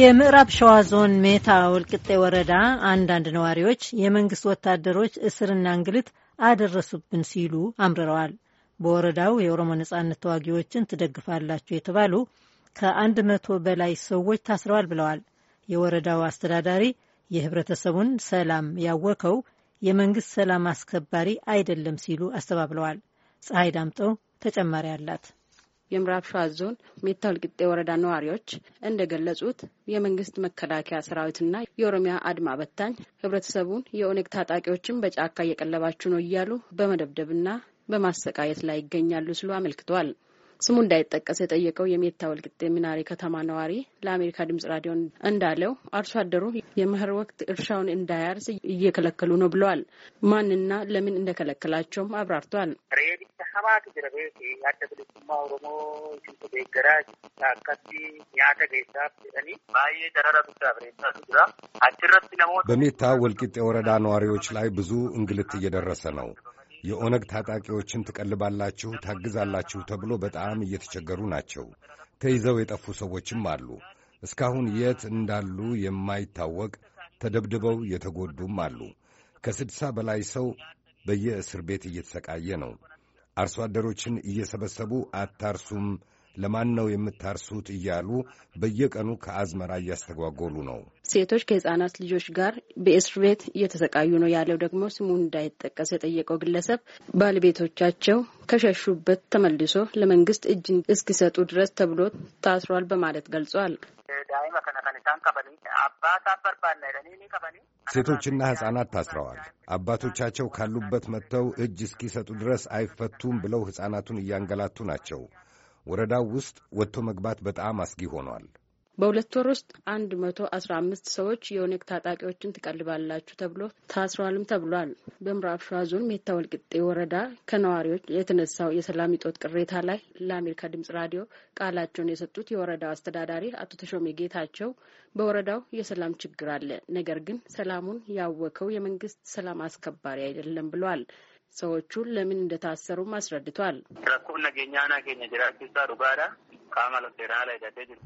የምዕራብ ሸዋ ዞን ሜታ ወልቅጤ ወረዳ አንዳንድ ነዋሪዎች የመንግስት ወታደሮች እስርና እንግልት አደረሱብን ሲሉ አምርረዋል። በወረዳው የኦሮሞ ነጻነት ተዋጊዎችን ትደግፋላችሁ የተባሉ ከአንድ መቶ በላይ ሰዎች ታስረዋል ብለዋል። የወረዳው አስተዳዳሪ የህብረተሰቡን ሰላም ያወከው የመንግስት ሰላም አስከባሪ አይደለም ሲሉ አስተባብለዋል። ፀሐይ ዳምጠው ተጨማሪ አላት። የምዕራብ ሸዋ ዞን ሜታ ወልቂጤ ወረዳ ነዋሪዎች እንደገለጹት የመንግስት መከላከያ ሰራዊትና የኦሮሚያ አድማ በታኝ ህብረተሰቡን የኦነግ ታጣቂዎችን በጫካ እየቀለባችሁ ነው እያሉ በመደብደብና በማሰቃየት ላይ ይገኛሉ ሲሉ አመልክተዋል። ስሙ እንዳይጠቀስ የጠየቀው የሜታ ወልቂጤ ሚናሪ ከተማ ነዋሪ ለአሜሪካ ድምጽ ራዲዮ እንዳለው አርሶ አደሩ የመኸር ወቅት እርሻውን እንዳያርስ እየከለከሉ ነው ብለዋል። ማንና ለምን እንደከለከላቸውም አብራርቷል። sabaatu Kanaaf beeku adda bilisummaa Oromoo isintu deeggaraa jirti. akkatti nyaata geessaaf jedhanii baay'ee darara guddaa bareessaa jira. Achirratti namoota በሜታ ወልቂጤ ወረዳ ነዋሪዎች ላይ ብዙ እንግልት እየደረሰ ነው። የኦነግ ታጣቂዎችን ትቀልባላችሁ፣ ታግዛላችሁ ተብሎ በጣም እየተቸገሩ ናቸው። ተይዘው የጠፉ ሰዎችም አሉ። እስካሁን የት እንዳሉ የማይታወቅ ተደብድበው የተጎዱም አሉ። ከስድሳ በላይ ሰው በየእስር ቤት እየተሰቃየ ነው። አርሶ አደሮችን እየሰበሰቡ አታርሱም ለማን ነው የምታርሱት እያሉ በየቀኑ ከአዝመራ እያስተጓጎሉ ነው። ሴቶች ከህጻናት ልጆች ጋር በእስር ቤት እየተሰቃዩ ነው ያለው ደግሞ ስሙ እንዳይጠቀስ የጠየቀው ግለሰብ ባለቤቶቻቸው ከሸሹበት ተመልሶ ለመንግስት እጅ እስኪሰጡ ድረስ ተብሎ ታስሯል በማለት ገልጿል። ሴቶችና ህጻናት ታስረዋል። አባቶቻቸው ካሉበት መጥተው እጅ እስኪሰጡ ድረስ አይፈቱም ብለው ህጻናቱን እያንገላቱ ናቸው። ወረዳው ውስጥ ወጥቶ መግባት በጣም አስጊ ሆኗል። በሁለት ወር ውስጥ አንድ መቶ አስራ አምስት ሰዎች የኦነግ ታጣቂዎችን ትቀልባላችሁ ተብሎ ታስረዋልም ተብሏል። በምዕራብ ሸዋ ዞን ሜታ ወልቂጤ ወረዳ ከነዋሪዎች የተነሳው የሰላም እጦት ቅሬታ ላይ ለአሜሪካ ድምጽ ራዲዮ ቃላቸውን የሰጡት የወረዳው አስተዳዳሪ አቶ ተሾሜ ጌታቸው በወረዳው የሰላም ችግር አለ፣ ነገር ግን ሰላሙን ያወከው የመንግስት ሰላም አስከባሪ አይደለም ብሏል። ሰዎቹ ለምን እንደታሰሩም አስረድቷል። ረኩብ ነገኛ ናገኘ ጅራችሳ ዱጋዳ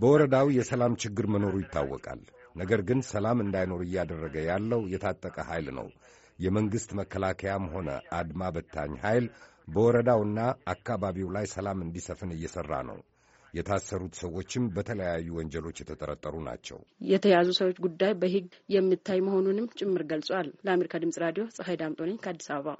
በወረዳው የሰላም ችግር መኖሩ ይታወቃል። ነገር ግን ሰላም እንዳይኖር እያደረገ ያለው የታጠቀ ኃይል ነው። የመንግሥት መከላከያም ሆነ አድማ በታኝ ኃይል በወረዳውና አካባቢው ላይ ሰላም እንዲሰፍን እየሠራ ነው። የታሰሩት ሰዎችም በተለያዩ ወንጀሎች የተጠረጠሩ ናቸው። የተያዙ ሰዎች ጉዳይ በሕግ የሚታይ መሆኑንም ጭምር ገልጿል። ለአሜሪካ ድምጽ ራዲዮ ፀሐይ ዳምጦ ነኝ ከአዲስ አበባ